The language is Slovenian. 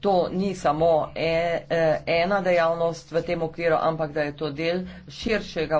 to ni samo e, e, ena dejavnost v tem okviru, ampak da je to del širšega.